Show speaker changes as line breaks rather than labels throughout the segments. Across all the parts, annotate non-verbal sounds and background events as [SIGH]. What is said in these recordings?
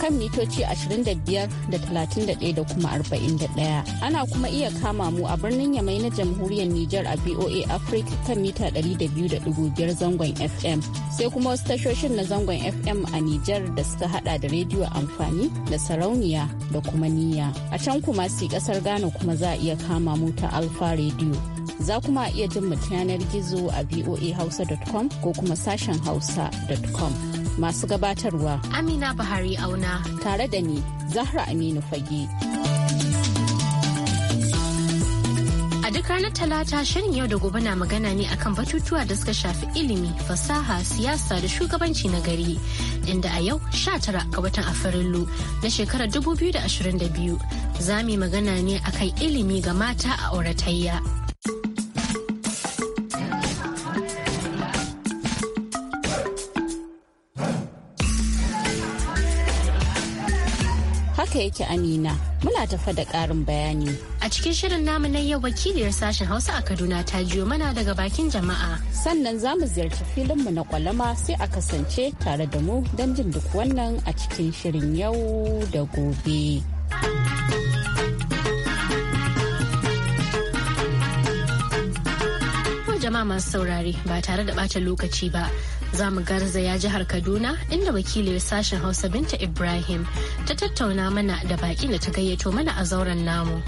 kan mitoci 25 da 31 da kuma 41. Ana kuma iya kama mu a birnin Yamai na jamhuriyar Nijar a VOA Africa kan mita 200.5 zangon FM. Sai kuma wasu tashoshin na zangon FM a Nijar da suka hada da rediyo amfani da sarauniya da kuma niya A can kuma si kasar Ghana kuma za a iya kama mu ta Alfa rediyo Za kuma iya jin mu yanar gizo a voahausa.com ko kuma sashen hausa.com. masu gabatarwa Amina Bahari Auna tare da ni Zahra Aminu Fage. A duk ranar Talata shirin yau da gobe na magana ne akan batutuwa da suka shafi ilimi, fasaha, siyasa da shugabanci na gari. Inda a yau 19 ga watan Afrilu na shekarar 2022 za mu magana ne akan ilimi ga mata a auratayya. haka yake amina muna tafa da ƙarin bayani a cikin shirin namu na yau wakiliyar sashen hausa a kaduna ta jiyo mana daga bakin jama'a sannan za mu ziyarci filinmu na kwalama sai a kasance tare da mu don jin duk wannan a cikin shirin yau da gobe. jama'a masu saurare ba tare da bata lokaci ba za mu garzaya jihar Kaduna inda wakilin sashen Hausa Binta Ibrahim ta tattauna mana da baki da ta gayyato mana a zauren namu.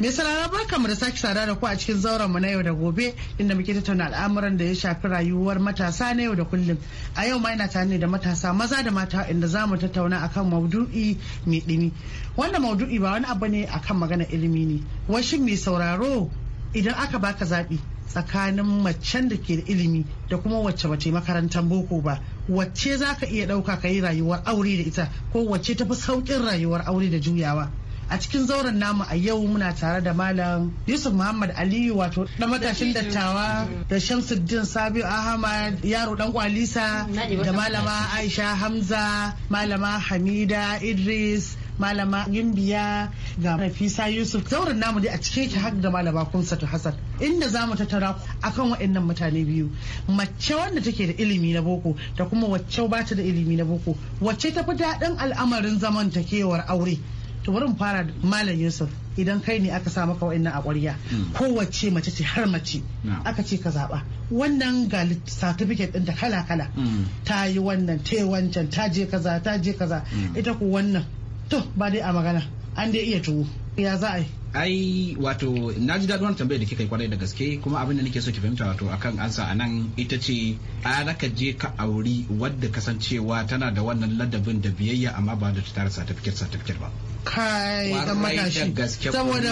Mai sarara barka mu da sake sada da ku a cikin zauren mu na yau da gobe inda muke tattauna al'amuran da ya shafi rayuwar matasa na yau da kullum. A yau ma ina tare da matasa maza da mata inda za mu tattauna akan maudu'i mai dimi. Wanda maudu'i ba wani abu ne akan magana ilimi ne. Washin mai sauraro idan aka baka zaɓi tsakanin macen da ke da ilimi da kuma wacce ba makarantar boko ba wacce za ka iya ɗauka ka yi rayuwar aure da ita ko wacce ta fi sauƙin rayuwar aure da juyawa a cikin zauren namu a yau muna tare da malam yusuf muhammad aliyu wato da matashin dattawa da shamsuddin sabiu ahmad yaro dan kwalisa da malama aisha hamza malama hamida idris malama gimbiya ga rafisa yusuf zauren namu dai a cikin ki har da malama kumsatu hassan inda za mu tattara akan waɗannan mutane biyu mace wanda take da ilimi na boko da kuma wacce ba ta da ilimi na boko wacce ta fi daɗin al'amarin zamantakewar aure to bari mu fara malam yusuf idan kai ne aka sa maka wa'annan a ƙwarya hmm. kowace mace ce har mace aka ce ka zaɓa wannan ga certificate ɗinta kala kala hmm. ta yi wannan ta yi wancan ta je kaza ta je kaza hmm. ita ku wannan to ba dai a magana an dai iya tuwo ya za a yi
ai wato na ji daɗin wani tambayar da kika yi kwarai da gaske kuma abin da nake so ki fahimta wato akan ansa a nan ita ce a ka je ka auri wadda kasancewa tana da wannan ladabin da biyayya amma ba da ta tara satifiket satifiket ba
kai da matashi saboda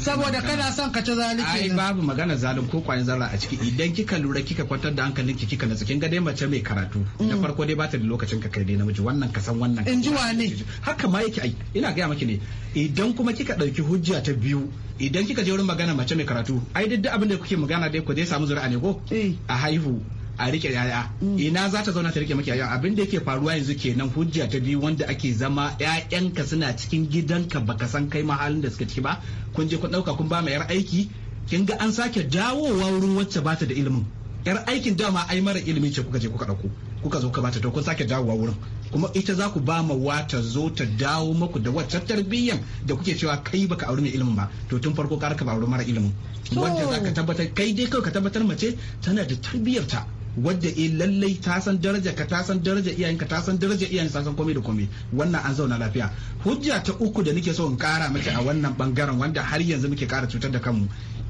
saboda kana son ka ci zalunci ai
babu magana zalun ko kwayan zarra a ciki idan kika lura kika kwantar da hankalinki kika natsu kin ga dai mace mai karatu mm. da farko dai bata da lokacin ka kai dai namiji wannan ka san wannan in ji wane haka ma yake ai ina ga maki ne idan kuma kika dauki hujja ta biyu idan kika je wurin magana mace mai karatu ai duk abin da kuke magana dai ku dai samu zuri'a ne ko eh. a haihu a rike yaya mm. ina za ta zauna ta rike maki yaya abin da yake faruwa yanzu kenan hujja ta biyu wanda ake zama ƴaƴanka suna cikin gidanka baka san kai ma halin da suka ciki ba kun je kun dauka kun ba ma yar aiki kin ga an sake dawowa wurin wacce bata da ilimin yar aikin dama ai mara ilimi ce kuka je kuka dauko kuka zo ka bata to kun sake dawowa wurin kuma ita za ku ba ma wata zo ta dawo maku da wata tarbiyyan da kuke cewa kai baka auri mai ilimin ba to tun farko ka raka ba auri mara ilimin wanda za ka tabbatar kai dai kawai ka tabbatar mace tana da tarbiyyar ta wadda eh lallai ta san daraja ka ta san daraja ka ta san daraja iyayen san komai da komai wannan an zauna lafiya hujja ta uku da nake so in kara miki a wannan bangaren wanda har yanzu muke kara cutar da kanmu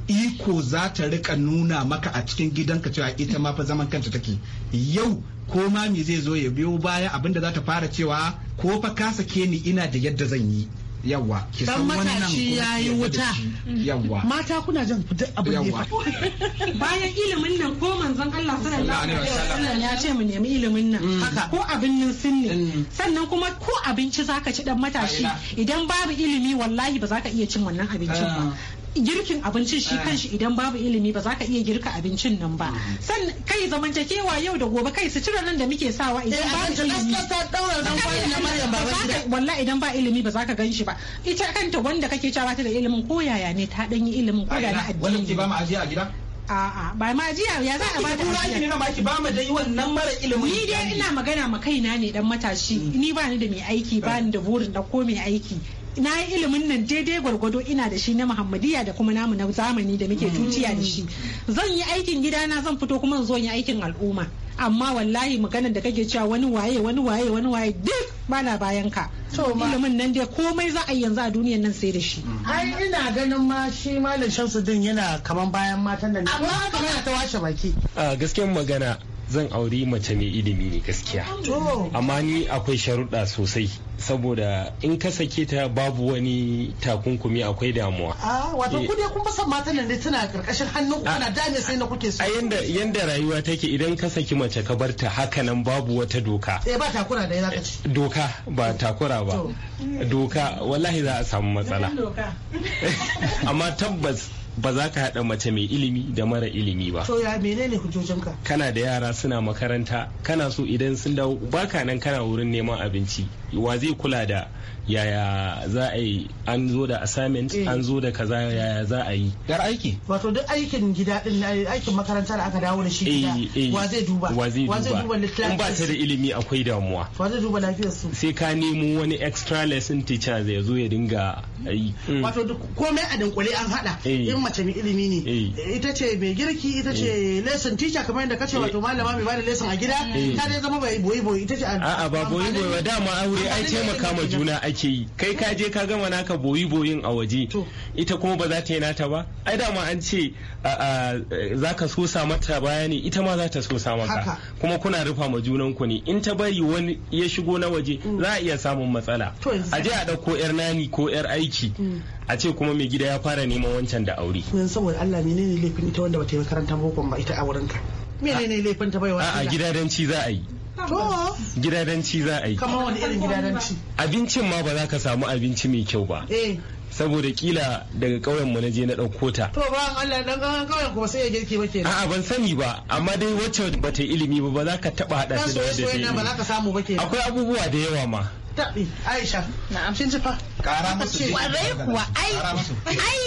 iko za ta rika nuna maka a cikin gidanka cewa ita ma fa zaman kanta take yau ko ma me zai zo ya biyo baya abinda za ta fara cewa ko fa ka sake ni ina da yadda zan yi yawa ki san matashi ya yi wuta yawa
mata kuna jin duk abin ne [LAUGHS] bayan ilimin nan ko manzon Allah sallallahu alaihi wasallam ya ce mu nemi ilimin nan mm. haka ko abin nan sinni mm. sannan kuma ko abinci zaka ci dan matashi idan babu ilimi wallahi ba za ka iya cin wannan abincin ba ah. girkin abincin shi eh. kanshi idan babu ilimi ba za ka iya girka abincin nan ba mm-hmm. san kai zamantakewa yau da gobe kai su cire nan da muke sawa idan eh, babu ilimi wallahi idan ba ilimi ba za ka gan shi ba ita kanta wanda kake cewa ta da ilimin ko yaya ne ta dan yi ilimin ko da na addini wannan
ke ba mu ajiya a gida
a'a ba ma ajiya ya za a ba ta ajiya ne na ki ba
mu dai wannan
mara ilimi ni dai ina magana ma kaina ne dan matashi mm. ni ba ni da mai aiki ba ni da burin da ko mai aiki na yi ilimin nan daidai gwargwado ina da shi na muhammadiya da kuma namu na zamani da muke mm. tuciya da shi zan yi aikin gida na zan fito kuma zo yi aikin al'umma amma wallahi maganar da kake cewa wani waye wani waye wani waye duk
bana bayan ka ilimin nan dai komai za a yi yanzu a duniyan nan sai da shi mm. ai ina ganin ma shi malam shamsuddin yana kaman bayan matan nan amma kana ta washe baki
a gaskiyar magana zan auri mace mai ilimi ne gaskiya amma ni akwai sharuɗa sosai saboda in ka sake ta babu wani takunkumi akwai damuwa a
ah, wato eh. ku ne kun san matan nan tana karkashin hannun ku kana ah.
dame sai na kuke so a yanda yanda rayuwa take idan ka saki mace ka barta haka nan babu wata doka eh
ba takura da zaka ci
eh, doka ba takura ba doka wallahi za a samu matsala [LAUGHS] amma tabbas ba za ka haɗa mace mai ilimi da mara ilimi ba. To
ya menene hujjojinka?
Kana da yara suna makaranta kana so idan sun dawo baka nan kana wurin neman abinci wa zai kula da yaya za a yi an zo da assignment eh. an zo da kaza yaya za a yi
dar aiki wato duk aikin gida din aikin makaranta da aka dawo da shi gida eh, eh. wa zai duba wa zai duba in ba ta da
ilimi akwai damuwa wa zai duba lafiyar su sai ka nemo wani extra lesson teacher zai zo ya dinga yi mm. wato
komai a dinkule an hada in mace
mai ilimi ne
ita ce mai girki ita ce lesson teacher kamar yadda kace wato malama mai bada lesson a gida ta dai zama bai boyi boyi ita ce a ba boyi boyi dama
aure ne ai taimaka ma juna ake yi kai ka je ka gama naka boyi boyin a waje ita kuma ba za ta yi nata ba ai dama an ce za ka so sa mata bayani ita ma za ta sa maka kuma kuna rufa ma junan ku ne in ta bari wani ya shigo na waje mm. za a iya samun matsala a je a ɗauko yar nani ko yar aiki mm. a ce kuma mai gida ya fara neman wancan da aure yanzu saboda Allah menene laifin ita wanda bata yi makaranta boko ba ita a wurinka
menene laifin ta baiwa a gidadanci
za a yi gidadanci za a yi abincin ma ba za ka samu abinci mai kyau ba eh. saboda kila daga ƙauyen na je na ɗauko ta.
To ba Allah dan ƙauyen ƙauyen kuma sai ya girki ba kenan. A'a
ban sani ba amma dai wacce ba ta ilimi ba ba za ka taɓa haɗa su da wadda ba za ka samu ba kenan. Akwai abubuwa da yawa ma.
Taɓi Aisha. Na'am. fa. Ƙara musu. kuwa ai
ai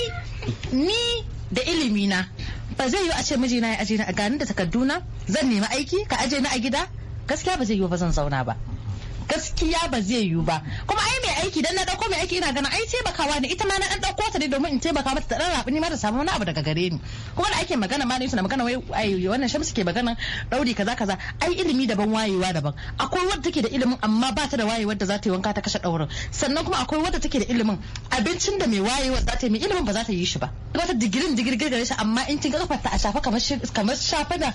ni da ilimi na ba zai yi a ce mijina ya aje na a ganin da takarduna zan nemi aiki ka aje na a gida gaskiya ba zai yiwu ba zan zauna ba gaskiya ba zai yiwu ba kuma ai mai aiki dan na dauko mai aiki ina gana ai taimakawa ne ita ma na dan dauko ta ne domin in taimaka mata ta dan rabu ni ma ta samu wani abu daga gare ni kuma da ake magana ma ne suna magana wai ai wannan shamsu ke magana dauri kaza kaza ai ilimi daban wayewa daban akwai wadda take da ilimin amma ba ta da wayewar da za ta yi wanka ta kashe daurin sannan kuma akwai wadda take da ilimin abincin da mai wayewa za ta yi mai ilimin ba za ta yi shi ba wata digirin digir gare shi amma in kin kafar ta a shafa kamar kamar shafa da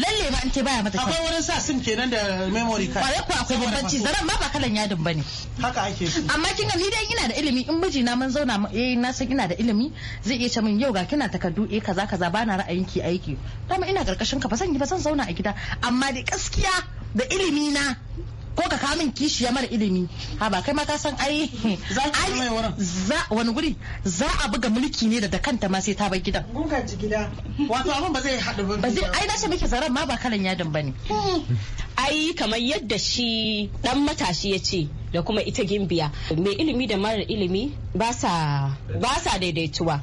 lalle ma in ce baya mata akwai wurin sa sim kenan da memory card akwai akwai bambanci zaran ma ba kalan
yadin bane haka ake su
amma kin ga ni dai ina da ilimi in miji na mun zauna eh na san ina da ilimi zai iya ce min yau ga kina takardu eh kaza kaza bana ra'ayin ki aiki dama ina karkashin ka ba zan yi ba zan zauna a gida amma da gaskiya da ilimi na ko ka kawo min kishiya mara ilimi ha ba kai ma ka san ai za wani guri za a buga mulki ne da kanta ma sai ta bar gidan gugan ji gida wato abin ba zai haɗu ba ba zai ai ce miki zaran
ma ba kalan yadin bane ai kamar yadda shi dan matashi ya ce da kuma ita gimbiya mai ilimi da mara ilimi ba sa daidaituwa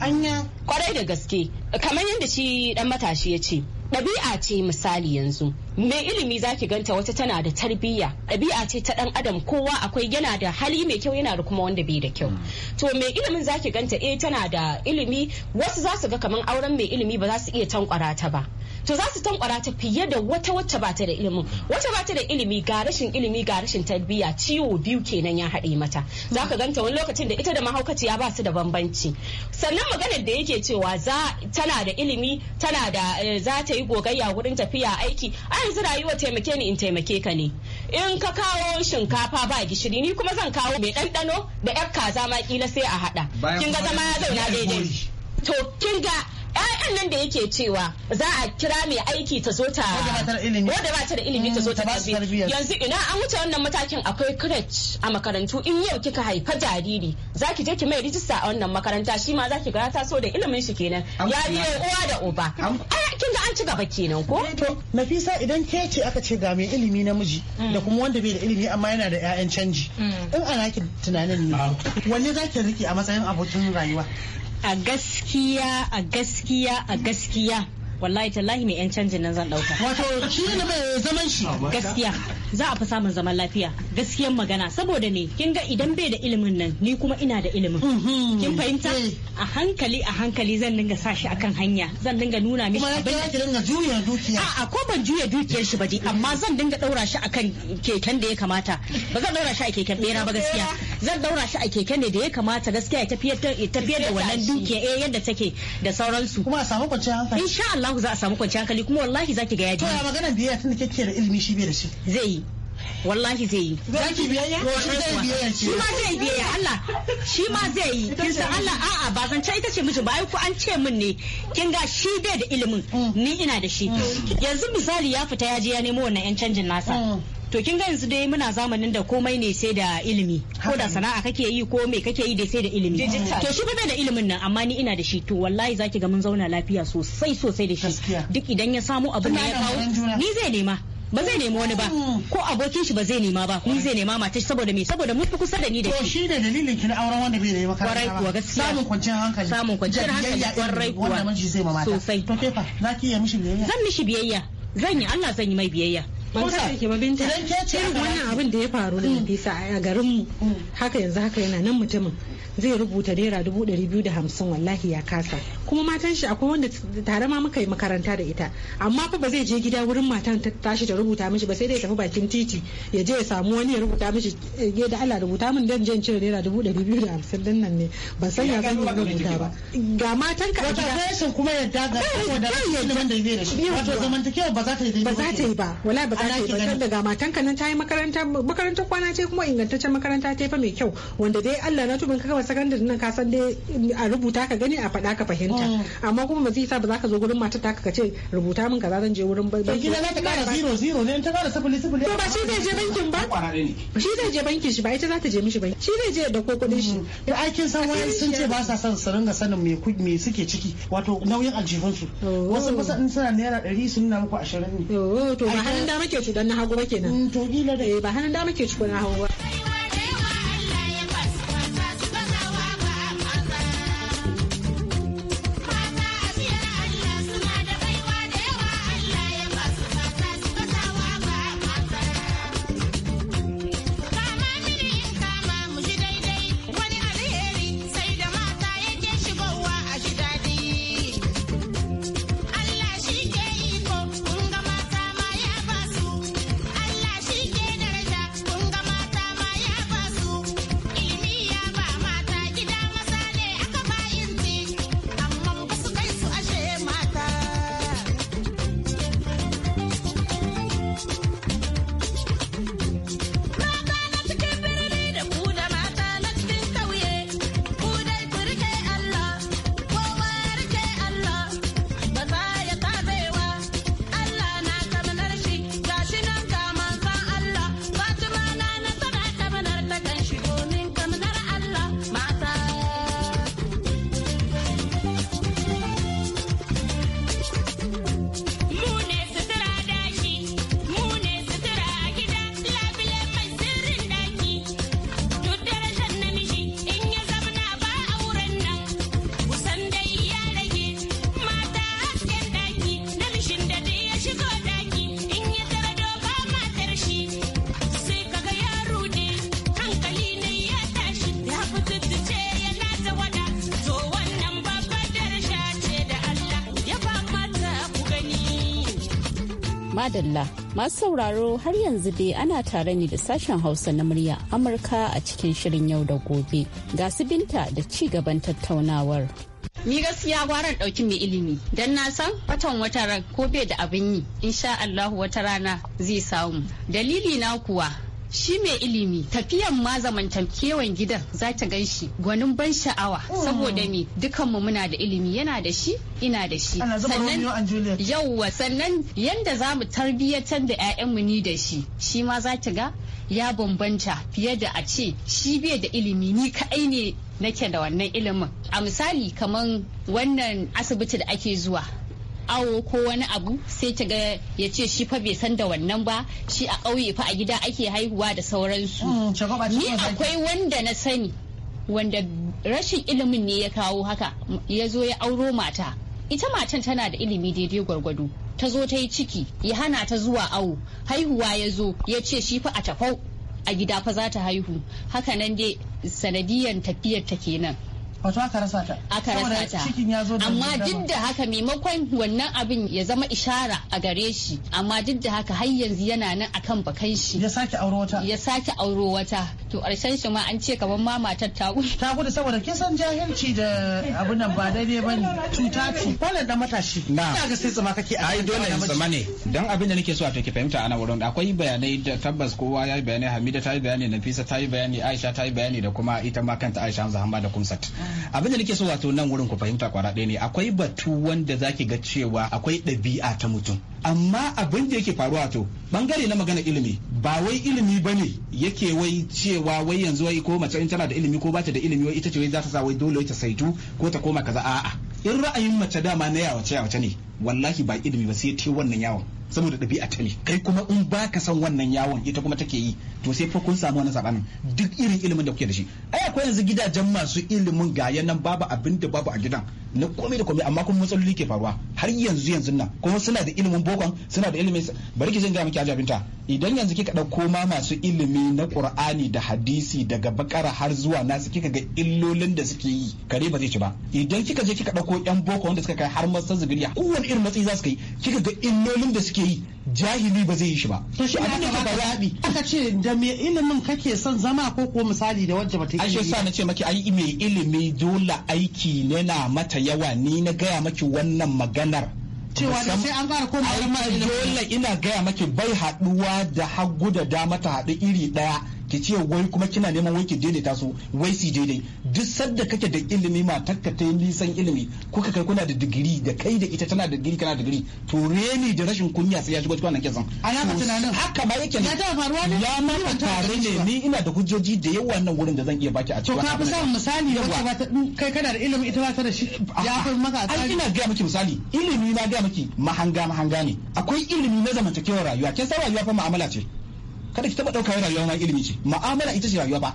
kwarai da gaske kamar yadda shi dan matashi ya ce ɗabi'a ce misali yanzu mai ilimi zaki ganta wata tana da tarbiyya ɗabi'a ce ta ɗan adam kowa akwai yana da hali mai kyau yana da kuma wanda bai da kyau mm. to mai ilimin zaki ganta eh tana da ilimi wasu za su ga kamar auren mai ilimi ba za su iya tankwara ta ba to za su tankwara ta fiye da wata wacce ba ta da ilimin wata ba ta da ilimi ga rashin ilimi ga rashin tarbiyya ciwo biyu kenan ya haɗe mata za ka ganta wani lokacin da ita da mahaukaciya ba su da bambanci sannan maganar da yake cewa za tana da ilimi tana da eh, za ta yi gogayya wurin tafiya aiki yanzu rayuwa taimake ni in taimake ka ne in ka kawo shinkafa ba gishiri ni kuma zan kawo mai ɗanɗano da yar kaza ma kila sai a haɗa kin ga zama ya zauna daidai to kin ga ƴaƴan nan da yake cewa za a kira mai aiki ta zo ta wadda ba ta da ilimi ta zo ta mm, tarbiyya yanzu ina an wuce wannan matakin akwai crèche a makarantu in yau kika haifa jariri zaki je ki mai rijista a wannan makaranta shi ma zaki ga ta so da ilimin shi kenan ya biye uwa da uba kin ga an ci gaba kenan
ko eh, to nafisa idan ke ce aka ce ga mai ilimi namiji mm. da kuma wanda bai da ilimi amma yana da ƴaƴan canji mm. in ana ki tunanin ne ah. wanne zaki rike a matsayin abokin rayuwa a
gaskiya a gaskiya a gaskiya wallahi tallahi mai yan canjin nan zan dauka wato shi ne mai zaman shi gaskiya za a fi samun zaman lafiya gaskiyan magana saboda ne kin ga idan bai da ilimin nan ni kuma ina da ilimin mm-hmm. kin fahimta eh. a hankali a hankali zan dinga sa shi akan hanya zan dinga nuna mishi abin da dinga juya dukiya a ko ban juya dukiyar shi ba dai amma zan dinga daura shi akan keken da ya kamata ba zan daura shi a keken bera ba gaskiya zan daura shi a keken ne da ya kamata gaskiya ya tafiyar da wannan dukiya eh yadda take da sauransu kuma a samu kwanciyar hankali insha Allah Allah za a samu kwanciyar hankali kuma wallahi zaki ga yaji. to ya magana biyayya tun da da ilimi shi bai da shi zai yi wallahi zai yi Zaki zai biyayya biyayya shi ma zai biyayya Allah shi ma zai yi kin san Allah a'a ba zan ita ce miji ba ai ko an ce min ne kin ga shi bai da ilimin mm. ni ina da shi mm. yanzu misali ya fita ya je ya nemo wannan yan canjin nasa mm. to kin ga yanzu dai muna zamanin da komai ne sai da ilimi ko da sana'a kake yi ko me kake yi dai sai da ilimi to shi ba da ilimin nan amma ni ina da shi to wallahi zaki ga mun zauna lafiya sosai sosai da shi duk idan ya samu abu ne ya kawo ni zai nema ba zai nemi wani ba hmm. ko abokin shi ba zai nema ba ni zai nema mata saboda me
saboda mun fi kusa da ni da shi to shi ne dalilin kin auren wanda bai yi makaranta ba. kuwa gaskiya samun kwanciyar hankali samun kwanciyar hankali kwarai kuwa wannan miji zai ma mata sosai to kefa zaki iya mishi biyayya zan mishi biyayya
zan yi Allah zan yi mai biyayya wannan abin
da ya faru da bisa mm. a garin mu mm. haka yanzu haka yana nan mutumin zai rubuta naira dubu ɗari biyu da hamsin wallahi ya kasa kuma matan shi akwai wanda tare ma muka yi makaranta da ita amma fa ba zai je gida wurin matan ta tashi ta rubuta mishi ba sai dai tafi bakin titi ya je ya samu wani ya rubuta mishi ya eh, da Allah rubuta min dan jan cire naira dubu ɗari biyu da hamsin din nan ne ba san ya san rubuta ba ga matan ka a gida rashin kuma yadda ga saboda da zai da shi wato zamantakewa ba za ta yi ba za ta yi ba wallahi ba za ki gani daga matanka nan ta yi makaranta makarantar kwana ce kuma ingantaccen makaranta ta fa mai kyau wanda dai Allah na tubin kaka sakandare nan ka san dai a rubuta ka gani a faɗa ka fahimta mm. amma kuma ba zai sa ba za ka zo gurin matar ta ka ce rubuta min kaza zan je wurin ba. bai
gida za ta kara
zero zero ne ta kara sifili sifili to ba shi zai je bankin ba shi zai je bankin shi ba ita za ta je mishi banki shi zai je da ko kuɗin shi to mm. aikin san wani sun ce ba sa son su ringa sanin me me suke ciki wato nauyin aljihunsu oh. wasu kusa in suna naira 100 sun nuna muku 20 ne oh, to ba hannun dama
kike cutar na hagu ba kenan mm, eh, ba hannun dama ke cutar na hagu ba
madalla masu sauraro har yanzu dai ana tare ni da sashen hausa na murya amurka a cikin shirin yau da gobe ga su binta da ci gaban tattaunawar ni gaskiya gwaran ɗauki mai ilimi don na san watan wata ran ko bai da abin yi insha allahu wata rana zai samu dalili na kuwa shi mai ilimi tafiyan ma zamantakewan gidan za ta gan shi gwanin ban sha'awa mm. saboda me dukanmu muna da ilimi yana da shi ina da shi sannan yauwa sannan yanda za mu tarbiyyatar da 'ya'yanmu ni da shi shi ma za ta ga ya bambanta fiye da a ce shi bai da ilimi ni kaɗai ne nake da wannan ilimin a misali kamar wannan asibiti da ake zuwa awo ko wani abu sai ta ga ya ce shi fa bai san da wannan ba shi a ƙauye fa a gida ake haihuwa da sauransu mm, ni akwai wanda na sani wanda rashin ilimin ne ya kawo haka ya zo ya auro mata ita matan tana da ilimi daidai gwargwado ta zo ta yi ciki ya hana ta zuwa awo haihuwa ya zo ya ce shi fa a tafau a gida fa za ta haihu haka nan dai sanadiyar tafiyar ta kenan
wato aka rasa ta
aka rasa ta cikin ya zo amma duk da haka maimakon wannan abin ya zama ishara a gare shi
amma duk da haka har yanzu yana nan akan bakan shi ya sake auro wata ya sake auro wata to karshen shi ma an ce kamar ma matar ta gudu ta gudu saboda kin san jahilci da abin nan ba daidai bane cuta ce wannan da matashi na ina ga sai tsama kake ai dole ne
tsama ne dan abin da nake so a to ki fahimta ana wurin akwai bayanai da tabbas kowa ya yi bayanai Hamida ta yi bayani Nafisa ta yi bayani Aisha ta yi bayani da kuma ita ma kanta Aisha Hamza Hamma da Kumsat abin da nake so wato nan wurin ku fahimta kwara ɗaya ne akwai batu wanda zaki ga cewa akwai ɗabi'a ta mutum amma abin da yake faruwa to bangare na magana ilimi ba wai ilimi bane yake wai cewa wai yanzu wai ko mace in tana da ilimi ko ba da ilimi wai ita ce wai za ta sa wai dole ta saitu ko ta koma kaza a'a in ra'ayin mace dama na yawace yawace ne wallahi ba ilimi ba sai ta wannan yawon saboda ɗabi'a ta ne kai kuma in ba ka san wannan yawon ita kuma take yi to sai fa kun samu wannan sabanin duk irin ilimin da kuke da shi ai akwai yanzu gidajen masu ilimin ga nan babu abin da babu a gidan na komai da komai amma kuma matsaloli ke faruwa har yanzu yanzu nan kuma suna da ilimin bokon suna da ilimin bari ki zan miki miki ajabinta idan yanzu kika dauko ma masu ilimi na qur'ani da hadisi daga bakara har zuwa nasu kika ga illolin da suke yi kare ba zai ci ba idan kika je kika dauko yan boko wanda suka kai har master zubiriya kowanne irin matsayi za su kai kika ga illolin da suke yi
jahili ba zai yi shi
ba to shi abin da ka faɗi
aka ce da me ilimin kake son zama ko ko misali da wacce ta yi sa
na ce maki ai mai ilimi dole aiki ne na mata yawa ni na gaya maki wannan maganar
cewa da sai an ƙara koma ai dole
ina gaya maki bai haɗuwa da hagu da dama ta haɗu iri ɗaya ki ce wai kuma kina neman wai ki daidaita su wai si daidai duk sadda kake da ilimi ma takka ta yi nisan ilimi kuka kai kuna da digiri da kai da ita tana da digiri kana da digiri to reni da rashin kunya sai ya shigo cikin wannan kisan a naka tunanin haka ba yake ya ta faruwa ne ya ma tare ne ni ina da hujjoji da yawa nan wurin da zan iya baki a cikin to ka fi samun misali da wacce ba
ta kai kana da
ilimi ita ba ta da shi ya fi maka ai ina ga miki misali ilimi na ga miki mahanga mahanga ne akwai ilimi na zamantakewar rayuwa kin san rayuwa fa mu'amala ce kada ki taba dauka rayuwa ma ilimi ce ma'amala ita ce rayuwa ba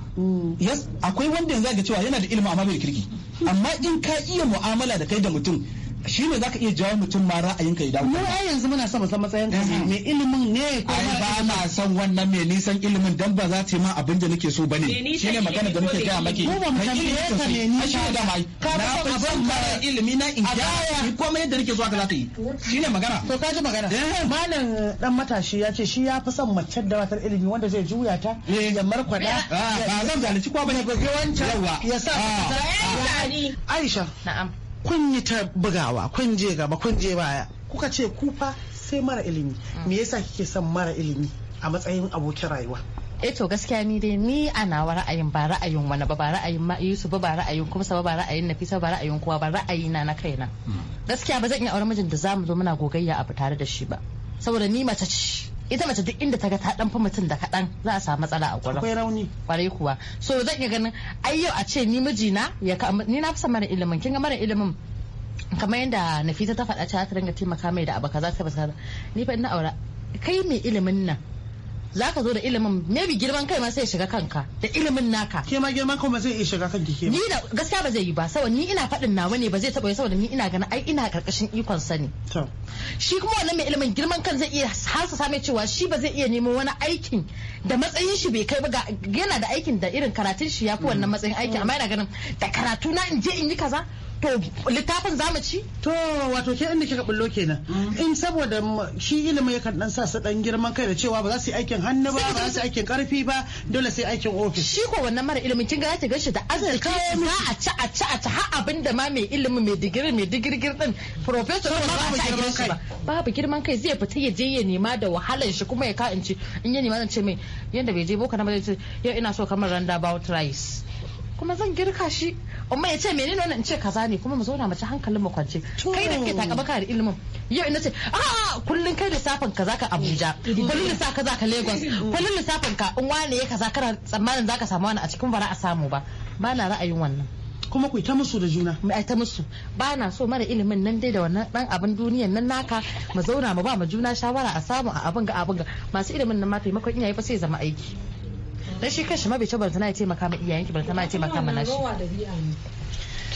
yes akwai wanda yanzu ga cewa yana da ilimi amma bai kirki amma in ka iya mu'amala da kai da mutum shi ne zaka iya jawo mutum ma ra'ayinka ya dawo mu ai
yanzu muna son mu san matsayin ka me ilimin ne ko ai
ba na son wannan me nisan ilimin dan ba za ta ma abin da nake so bane shi ne magana da muke gaya maki mu ba mu tambaye ka me nisan da mai ka ba ka san mara ilimi na in ga komai yadda nake so haka za ta yi shi
ne magana to ka ji magana eh. malam eh, dan matashi ya ce shi ya fi son mace da watar ilimi wanda zai juya ta eh. ya markwada ah, ba zan zalunci ko bane ba wancan ya sa ah. ah. Aisha na'am kun yi ta bugawa kun je gaba kun je baya kuka ce kufa sai mara ilimi mm. me yasa kike son mara ilimi a matsayin abokin rayuwa
eh to gaskiya ni dai ni ana nawa ra'ayin ba ra'ayin wani ba ba ra'ayin ma Yusuf ba ba ra'ayin kuma ba ba ra'ayin Nafisa ba ra'ayin kowa ba ra'ayina na kaina
mm.
gaskiya ba zan iya aure mijin da zamu zo muna gogayya abu tare da shi ba saboda ni mace ce ita mace duk inda ta ga ta dan fa mutum da kaɗan za a samu matsala a gurin akwai rauni kwarai kuwa so zan iya ganin ai yau a ce ni mijina ya ni na fi mara ilimin kin ga mara ilimin kamar yadda Nafisa ta faɗa ta ringa taimaka mai da abu kaza ta ni fa ina aura kai mai ilimin nan za ka zo da ilimin maybe girman kai ma sai shiga kanka da ilimin
naka ke ma girman kai ma zai iya shiga kanki ke ni da
gaskiya ba zai yi ba saboda ni ina faɗin nawa ne ba zai taɓa yi saboda ni ina ganin ai ina karkashin ikon sa ne shi kuma wannan mai ilimin girman kan zai iya har sa same cewa shi ba zai iya nemo wani aikin da matsayin shi bai kai ba yana da aikin da irin karatun shi ya fi wannan matsayin aikin amma yana ganin da karatu na in je in yi kaza to
littafin zamu ci to wato ke inda kika bullo kenan mm. in saboda shi ilimi yakan dan sa su dan girman kai da cewa ba za su yi aikin hannu ba ba za su yi aikin karfi ba dole sai aikin ofis shi ko wannan mara ilimin kin ga ta gashi da arziki za a ci a ci a ci har abin da ma mai ilimi mai
digiri mai digirgir din professor ba za a girman kai babu girman kai zai fita ya je ya nema da wahalar shi kuma ya ka in ci in ya nema zan ce mai yanda bai je boka na ba zai ce yau ina so kamar randa about rice kuma zan girka shi amma ya ce menene wannan in ce kaza ne kuma mu zauna mu ci hankalin mu kwance kai da kake taka baka da ilimin yau ina ce a kullun kai lissafin ka Abuja kullun lissafin ka Lagos kullun lissafin ka in wane ya kaza kana tsammanin zaka samu wani a cikin bara a samu ba ba na ra'ayin wannan kuma ku ta musu da juna ai ta musu ba na so mara ilimin nan dai da wannan dan abin duniyan nan naka mu zauna mu ba mu juna shawara a samu a abin ga abin ga masu ilimin nan ma taimakon iyaye fa sai zama aiki dan shi kanshi ma bai ce barantana
ya taimaka ba iyayenki barantana ya taimaka ma nashi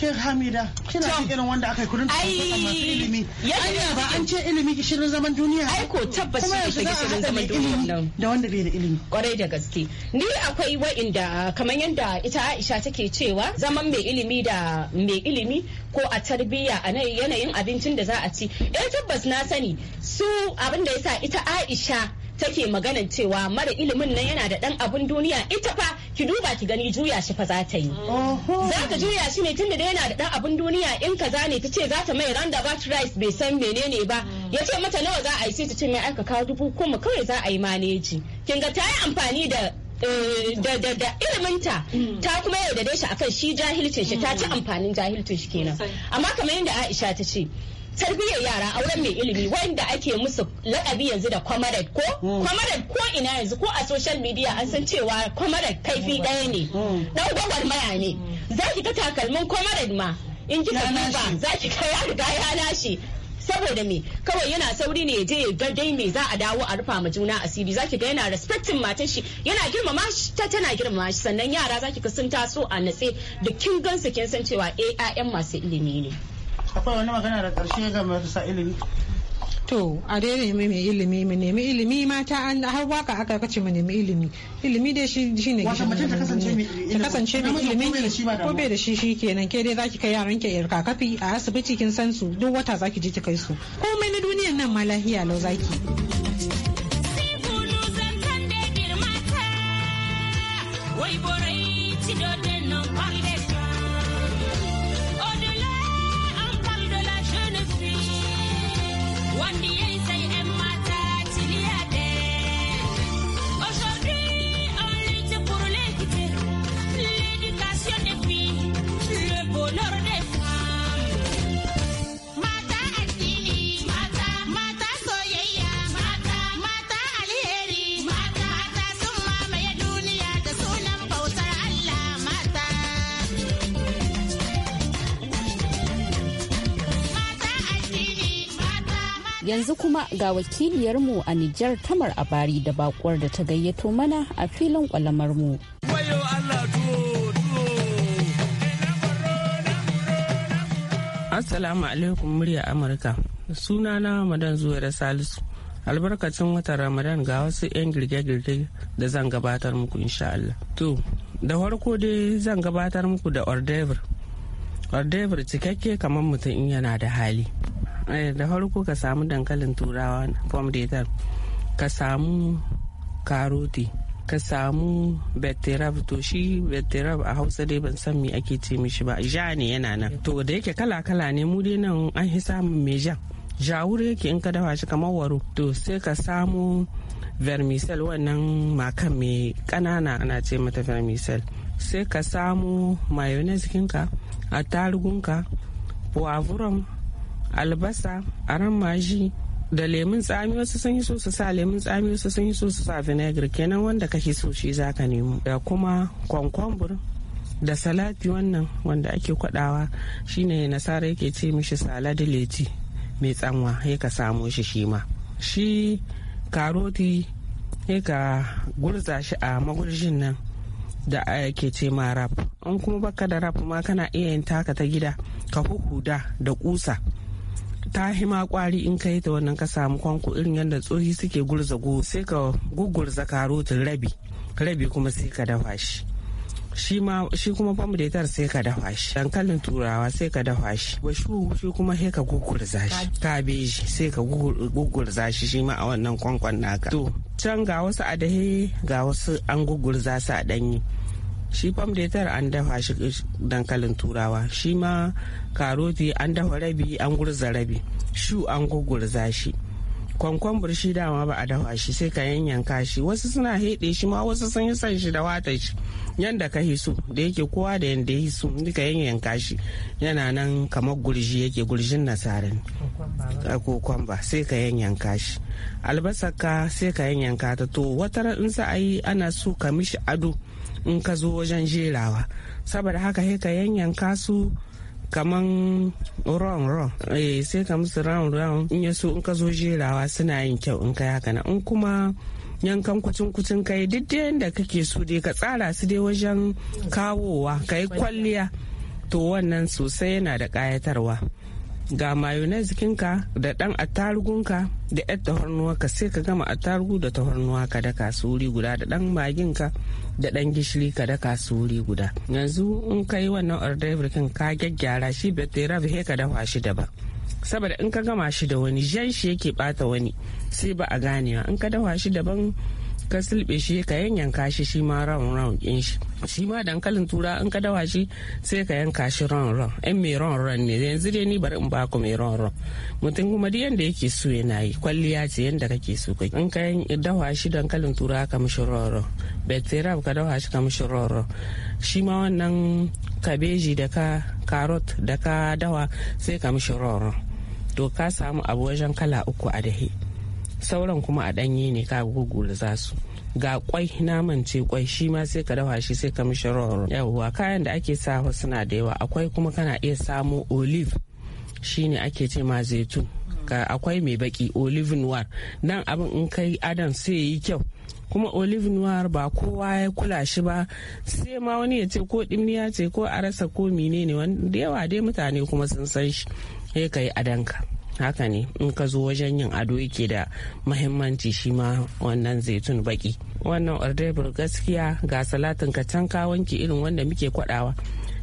ke hamida kina ji irin wanda aka yi kudin masu ilimi ai ba an ce ilimi gishirin zaman duniya ai ko tabbas
shi yake gishirin zaman duniya da wanda bai da ilimi kwarai da gaske ni akwai wa'inda ah, kamar yadda ita Aisha take cewa zaman mai ilimi da mai ilimi ko a tarbiyya a yanayin abincin da za a ci eh tabbas na sani su abin da yasa ita Aisha take maganan cewa mara ilimin nan yana da dan abun duniya ita fa ki duba ki gani juya shi fa za ta yi za ta juya shi ne tunda da yana da dan abun duniya in kaza ne ta ce za ta mai randa bat rice bai san menene ba ya ce mata nawa za a yi sai ta ce mai aika kawo dubu kuma kawai za a yi maneji kin ga ta yi amfani da eh, da iliminta mm. ta kuma yarda shi akan shi jahilcin shi ta ci mm. amfanin jahilcin shi kenan amma kamar yadda Aisha ta ce tarbiyyar yara auren mai ilimi wanda ake musu lakabi yanzu da comrade ko hmm. comrade ko ina yanzu ko a social media an san cewa comrade kaifi hmm. ɗaya ne dan hmm. gwagwarmaya ne zaki ta takalmin comrade ma in kika duba zaki ga ya riga ya lashe saboda me kawai yana sauri ne je ga dai me za a dawo a rufa ma juna asiri zaki ga yana respecting matan shi yana girmama shi ta tana girmama shi sannan yara zaki ka sun taso a natse da kin gansu kin san cewa eh masu ilimi ne
akwai wani magana da karshe ga marasa ilimi
to a dai nemi mai ilimi mu
nemi ilimi mata an har waka aka kace mu nemi ilimi ilimi dai shi ne wata mace ta kasance mai ilimi ta kasance mai ilimi ko bai da shi shikenan ke dai zaki kai yaran ki kafi a asibiti kin san su duk wata zaki je ki kai su komai na duniyan nan ma lahiya lau zaki
Wai borai ci dodon
Yanzu kuma ga wakiliyarmu a Nijar Tamar Abari da bakuwar da ta gayyato mana a filin kwalamarmu.
Assalamu alaikum murya Amurka. Sunana Madan Zuwa Salisu. Albarkacin watan Ramadan ga wasu 'yan girge-girge da zan gabatar muku insha Allah. To, da farko dai zan gabatar muku da ordever. Ordever cikakke kamar mutum in yana da hali. Eh, da farko ka samu dankalin turawa pom de ka samu karoti ka samu betterab to shi betterab a hausa dai ban san me ake ce mishi ba ja ne yana nan to da yake kala kala ne mu dai nan an fi samun mai ja jawuri yake in ka dafa shi kamar waro to sai ka samu vermicel wannan makan mai kanana ana ce mata vermicel sai ka samu mayonnaise kinka attarugunka poivron albasa aran maji da lemun tsami wasu sun yi so su sa lemun tsami wasu sun yi so su sa vinegar kenan wanda kake so shi ka nemo da kuma kwankwambur da salati wannan wanda ake kwadawa shine nasara yake ce mishi saladi leti mai tsanwa ya ka samo shi shi ma shi karoti ya ka gurza shi a magurjin nan da ake ce ma rap in kuma baka da rap ma kana iya yin taka ta gida ka huhuda da kusa ta hima kwari in kai ta wannan ka samu kwanku irin yadda tsohi suke gurza go sai ka gugurza karotin rabi rabi kuma sai ka dafa shi shi ma shi kuma famdetar sai ka dafa shi dankalin turawa sai ka dafa shi shu shi kuma sai ka gugurza shi kabeji sai ka gugurza shi shi ma a wannan kwankwan naka to can ga wasu adahi ga wasu an gugurza su a danyi shi fam da tar an dafa shi dankalin turawa shi ma karoti an dafa rabi an gurza rabi shu an gugurza shi kwankwan shi dama ba a dafa shi sai ka yanyanka shi wasu suna heɗe shi ma wasu sun yi son shi da wata shi yanda ka hisu da yake kowa da yanda ya hisu ka yanyanka shi yana nan kamar gurji yake gurjin nasara ne kokon ba sai ka yanyanka shi albasarka sai ka yanyanka ta to wata in za ana so ka mishi ado in ka zo wajen jerawa saboda haka ka yanyanka su kaman round round eh, sai ka musu round round in ya so in ka zo jerawa suna yin kyau in ka haka na in kuma yankan kucin kucin kai duk da yadda kake so dai ka tsara su dai wajen kawowa ka yi kwalliya to wannan sosai yana da kayatarwa. ga mayonnaise kinka da dan attarugunka da yar ka sai ka gama attarugu da tahornuwa ka daka su wuri guda da dan maginka da dan gishiri ka daka su wuri guda yanzu in ka yi wannan ordever kin ka gyaggyara shi beterave he ka dafa shi daban saboda in ka gama shi da wani jan shi yake bata wani sai ba a ganewa in ka dafa shi daban ka silbe shi ka yanyanka shi shi ma round round din shi shi ma dankalin tura in ka dawa shi sai ka yanka shi round round in mai round round ne yanzu dai ni bari in ba ku mai round round mutum kuma duk yanda yake so yana yi kwalliya ce yanda kake so kai in ka dawa shi dankalin tura ka mishi round round beterab ka dawa shi ka mishi round round shi ma wannan kabeji da ka carrot da ka dawa sai ka mishi round round to ka samu abu wajen kala uku a dahi sauran kuma a ɗanye ne ka gugula za su ga kwai naman ce kwai shi ma sai ka dafa shi sai ka mishi roro yawwa kayan da ake sawa suna da yawa akwai kuma kana iya samo olive shine ake ce ma zaitun ka akwai mai baki olive noir nan abin in kai adam sai yi kyau kuma olive noir ba kowa ya kula shi ba sai ma wani ya ce ko ɗimniya ce ko a rasa ko menene wani da yawa dai mutane kuma sun san shi sai ka yi adanka haka ne in ka zo wajen yin ado yake da mahimmanci shi ma wannan zaitun baki wannan ordebur gaskiya ga salatin ka can ka wanke irin wanda muke kwadawa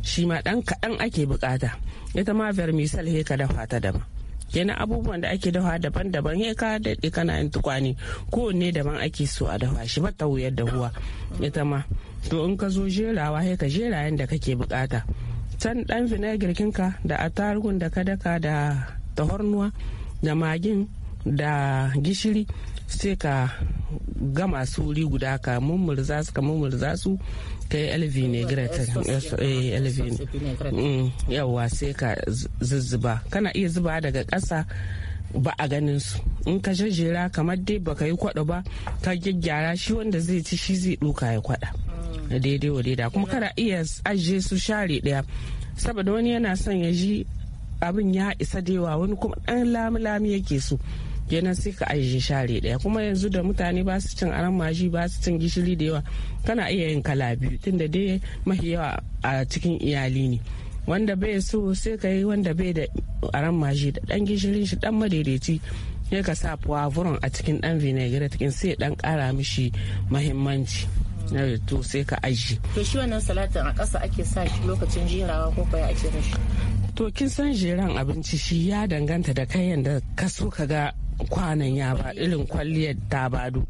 shi ma dan kaɗan ake bukata ita ma vermicell he ka dafa ta daban kenan abubuwan da ake dafa daban-daban he ka daɗe kana yin tukwane kowanne daban ake so a dafa shi ba ta wuyar dahuwa ita ma to in ka zo jerawa he ka jera yadda kake bukata can dan vinegar kinka da attarugun da ka daka da tahornuwa da magin da gishiri sai ka gama su wuri guda ka mummurza su ka mummurza su ka yi elvi ne yawwa sai ka zuzzuba kana iya zuba daga ƙasa ba a ganin su in ka jajjera kamar dai baka yi kwada ba ka gyaggyara shi wanda zai ci shi zai duka ya kwada mm. daidai wa daidai kuma kana iya ajiye su share daya saboda wani yana son ya ji abin ya isa da yawa wani kuma dan lami-lami yake so kenan sai ka ajiye share daya kuma yanzu da mutane ba su cin aran maji ba su cin gishiri da yawa kana iya yin kala biyu tunda dai mafi yawa a cikin iyali ne wanda bai so sai ka yi wanda bai da aran maji da dan gishirin shi dan madaidaici sai ka sa puwavuron a cikin dan vinaigrette kin sai dan kara mishi mahimmanci na to sai ka aji to shi wannan
salatin a kasa ake sa shi lokacin jirawa ko kai ake rashi
to kin san jeran abinci shi ya danganta da kayan da ka so ka ga kwanan ya ba irin kwalliyar ta bado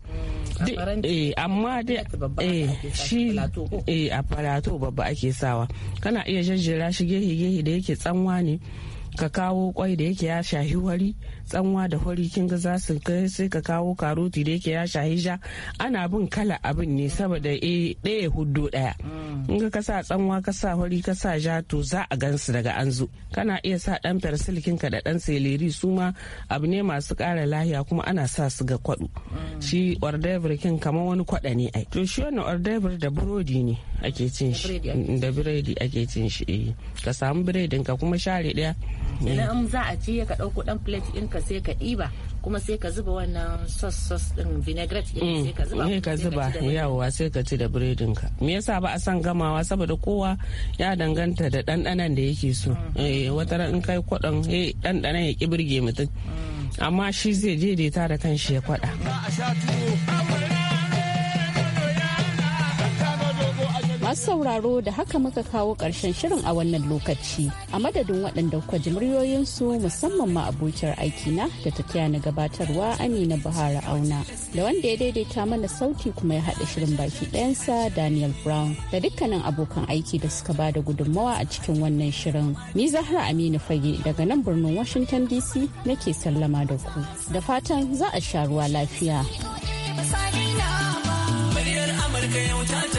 eh, amma dai eh, shi eh, a falato babba ake sawa kana iya jajjera shi gehe-gehe da yake tsanwa ne ka kawo kwai da yake ya shahi wari tsanwa da wari kin ga za su kai sai ka kawo karoti da yake ya shahi ja ana bin kala abin ne saboda e ɗaya hudu ɗaya mm. in ka sa tsanwa ka sa wari ka sa ja to za a gansu daga an zo kana iya sa dan kin ka da dan seleri su ma abu ne masu ƙara lahiya kuma ana sa su ga kwaɗo mm. shi ordevir kin kamar wani kwaɗa ne ai to shi wannan ordevir da burodi ne ake cin shi mm, da biredi ake cin shi eh. ka samu biredin ka kuma share ɗaya idan
an za a je ka ɗauko ɗan plate ɗin ka sai ka ɗiba kuma sai ka zuba wannan sauce sauce ɗin vinaigrette
ɗin sai ka zuba mm, eh, sai ka zuba
yawa sai ka ci da biredin ka me yasa ba a san gamawa saboda kowa ya danganta da ɗanɗanan da yake so mm. eh, wata in kai kwaɗon eh, ɗanɗanan ya ƙi birge mutum mm. amma shi zai je da kanshi ya kwaɗa.
sauraro da haka muka kawo ƙarshen shirin a wannan lokaci. A madadin waɗanda kuka ji muryoyinsu musamman ma abokiyar aikina da ta taya na gabatarwa Amina Buhari Auna. Da wanda ya daidaita mana sauti kuma ya haɗa shirin baki ɗayansa Daniel Brown. Da dukkanin abokan aiki da suka ba da gudunmawa a cikin wannan shirin. Ni Zahra Aminu Fage daga nan birnin Washington DC nake sallama da ku. Da fatan za a sha ruwa lafiya.
Muryar Amurka yau ta